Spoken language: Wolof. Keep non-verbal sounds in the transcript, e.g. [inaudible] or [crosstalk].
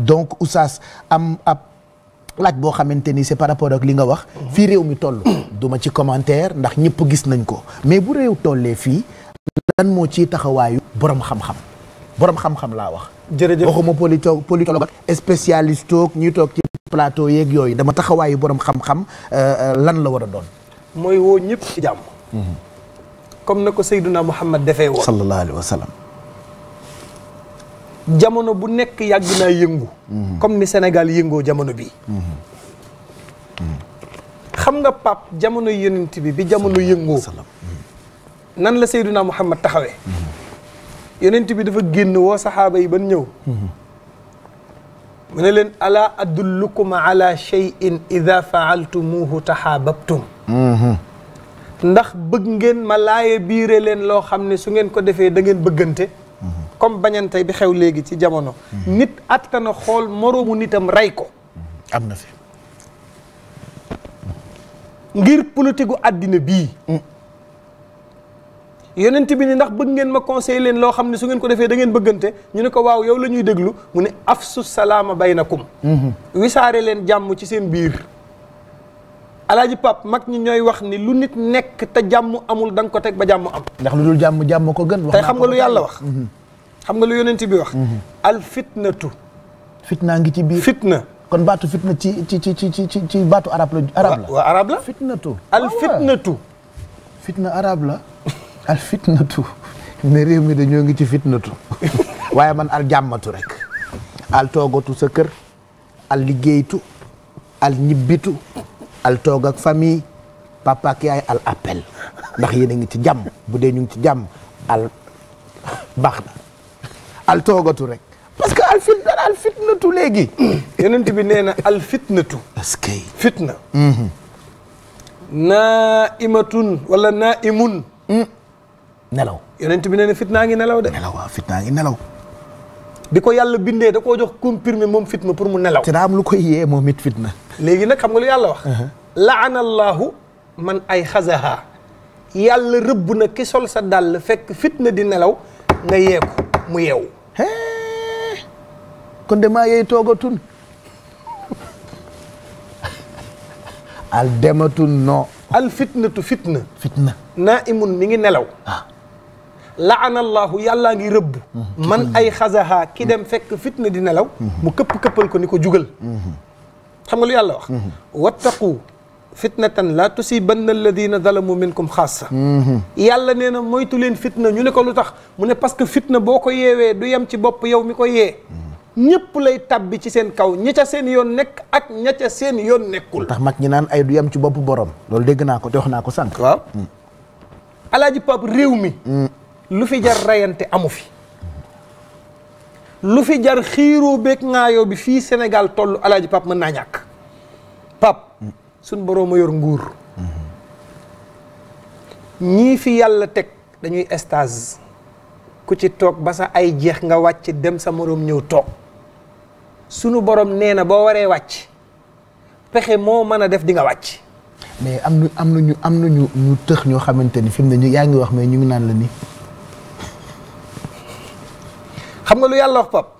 donc Oustaz am ab laaj boo xamante ni c'est par rapport ak li nga wax. fii réew mi toll. duma ci commentaire ndax ñëpp gis nañ ko mais bu réew tollee fii lan moo ciy taxawaayu borom xam-xam borom xam-xam laa wax. jërëjëf waxuma polito politologue spécialiste toog ñuy toog ci plateau yeeg yooyu dama taxawaayu borom xam-xam euh, lan la war a doon. mooy woo ñëpp ci jàmm. Mhm. comme na ko Seydina Muhammad defee woon. sallallahu alayhi wa sallam. jamono bu nekk yàgg naa yëngu. Mhm. comme ni senegal yëngoo jamono bi mhm. Mhm. xam nga pap jamono yonent bi bi jamono yëngoo. nan la Seyduna Muhammad taxawe yonent bi dafa génn woo saxaaba yi ban ñëw. mu ne leen ala adullukum ala cheyin ida faaltumuhu taxaababtum ndax bëgg ngeen ma laaye biire leen loo xam ne su ngeen ko defee dangeen bëggante. comme bañante bi xew léegi ci jamono. Hmm. nit attana xool moroomu nitam rey ko. Hmm. am na fi. ngir politiku àddina bii. Hmm. yonent bi ni ndax bëgg ngeen ma conseiller leen loo xam ne su ngeen ko defee da ngeen bëggante ñu ne ko waaw yow la ñuy déglu mu ne afsu salaama baynakum wisaare leen jàmm ci seen biir alaaji pap mag ñi ñooy wax ni lu nit nekk te jàmm amul da ko teg ba jàmm am ndax lu dul jàmm jàmm ko gën wax tey xam nga lu yàlla wax xam nga lu bi wax. Mhm. al fitnatu. fitna ngi ci biir fitna. kon baatu fitna ci ci ci ci ci ci baatu arab la arab la. Ah, waaw arab la al fitnatu. fitna arab la. al réew mi dañoo ngi ci fitnatu. [laughs] waaye man al jàmmatu rek. al toogatu sa kër. al liggéeytu. al ñibbitu. al toog ak famille. papa ak yaay al appel. ndax yéen ngi ci jàmm bu dee ñu ngi ci jàmm al baax al toogatu rek parce que al fitna al fitnatu léegi. yonent bi nee na al fitnatu. askay fitna. hmm naimatun wala naimun. nelaw yonent bi neena fitna ngi nelaw de. nelaw fitna ngi nelaw. bi yàlla binde da koo jox confirmer mom fitna pour mu nelaw. te dam am lu koy yee moom it fitna. legi nak xam nga lu yàlla wax. laana allah man ay khazaha yàlla rëbb na ki sol sa dal fek fitna di nelaw nga yeeku mu yew kon de maa yey toogatun al dematun non al fitnatu fitna fitna naa imun mi ngi nelaw ah. laana allahu yàllaa ngi rëbb mm-hmm. man ay xasaha ki dem fekk fitna di nelaw mm-hmm. mu këpp-këppal ko ni ko jugal mm-hmm. xam nga lu yàlla wax wattaqu fitnatan la tusibanna alladina zalamu minkum xas yàlla nee na moytu leen fitna ñu ne ko lu tax mu ne parce que fitna boo ko yeewee du yem ci bopp yow mi ko yee ñëpp lay tàbbi ci seen kaw ña ca seen yoon nekk ak ña seen yoon nekkul tax mag ñi naan ay du yem ci boppu borom loolu dégg naa ko te wax naa ko sànq waaw mm. alaaji Pape réew mi mm. lu fi jar rayante amu fi lu fi jar xiiroo beeg ngaayoo bi fii Sénégal toll alaaji Pape mën naa ñàkk suñ boroom yor nguur ñii fi yàlla teg dañuy stage ku ci toog ba sa ay jeex nga wàcc dem sa moroom ñëw toog sunu borom nee na boo waree wàcc pexe moo mën a def di nga wàcc mais am na am na ñu am na ñu tëx ñoo xamante ni fi mu ne ñu yaa ngi wax mais ñu ngi naan la nii xam nga lu yàlla wax pap